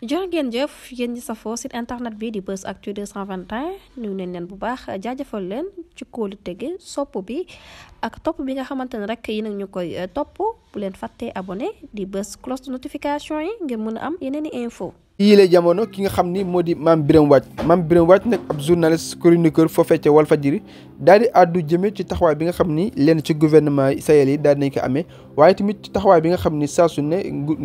jërë ngeen jëf yéen sa safoo si internet bi di Buzz Actu 221 nuyu nañ leen bu baax jaajëfal leen ci koolu tege sopp bi ak topp bi nga xamante ne rek yi nag ñu koy eh, topp bu leen fàttee abone di bës cloche de notification yi ngeen mën a am yeneen i info yile jamono ki nga xam ni moo di Mame Birame Wathie Mame Birame Wathie ci bi nga xam ni lenn ci gouvernement israélien yi daal di nañ ko amee waaye tamit bi nga xam ni saa su ne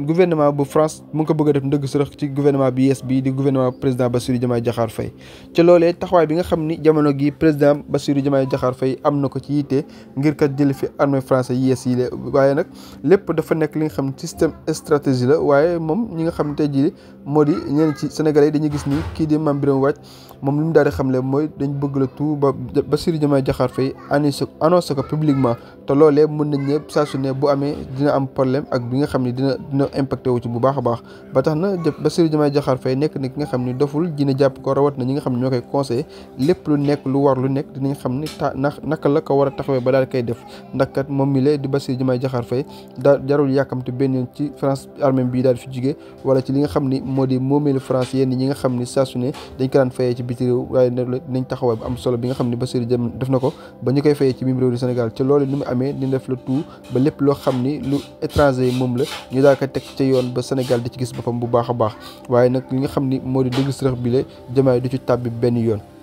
gouvernement bu France mu ngi ko bëgg a def ndëgg sërëx gouvernement bi yees bii di gouvernement président Bassirou Diomaye Diakhar Faye ci loolee taxawaay bi nga xam ni jamono gi président Bassirou Diomaye Diakhar fay am na ko ci yitte ngir kat jële fi armée français yees waaye nag lépp dafa nekk li nga xam ne système stratégie la waaye moom ñi nga xam ne tey jii moo di ñenn ci sénégalais dañuy gis ni kii di mam Birame Wathie moom li mu daal di xamle mooy dañ bëgg la tout ba Bassirou Diomaye Diakhar Faye annoncé annoncé ko publiquement te loolee mën nañ ne saa su ne bu amee dina am problème ak bi nga xam ne dina dina impacté wu ci bu baax a baax ba tax na Bassirou Diomaye Diakhar fay nekk na ki nga xam ne doful dina jàpp ko rawat na ñi nga xam ne ñoo koy conseillé lépp lu nekk lu war lu nekk dinañ xam ne ta naka la ko war a taxawee ba daal koy def ndax kat moom mi lee di Bassirou Diomaye Diakhar Faye da jarul yàkkamte benn ci France armée bii daal fi jugee wala ci li nga xam ni moo di moomeelu France yenn ñi nga xam ni saa biti réew waaye nañ taxawaay bu am solo bi nga xam ne Bassirou Diomaye def na ko ba ñu koy fayee ci mim di Sénégal ci loolu ni mu amee dina def la tout ba lépp loo xam ni lu étranger moom la ñu daa ko teg ca yoon ba Sénégal di ci gis boppam bu baax a baax waaye nag li nga xam ni moo di dëgg sërëx bi la Diomaye du ci tàbbi benn yoon